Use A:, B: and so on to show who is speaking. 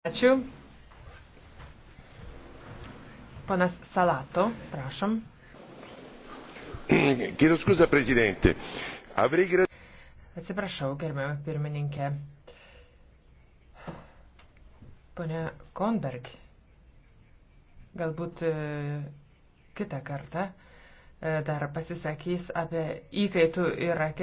A: Ačiū. Panas Salato, prašom.
B: Chiedo scusa, Presidente. Avrei gra...
C: Atsiprašau, gerbiamą pirmininkę. Pone Konberg, galbūt e, kitą
D: kartą e, dar pasisakys apie įkaitų ir raketų.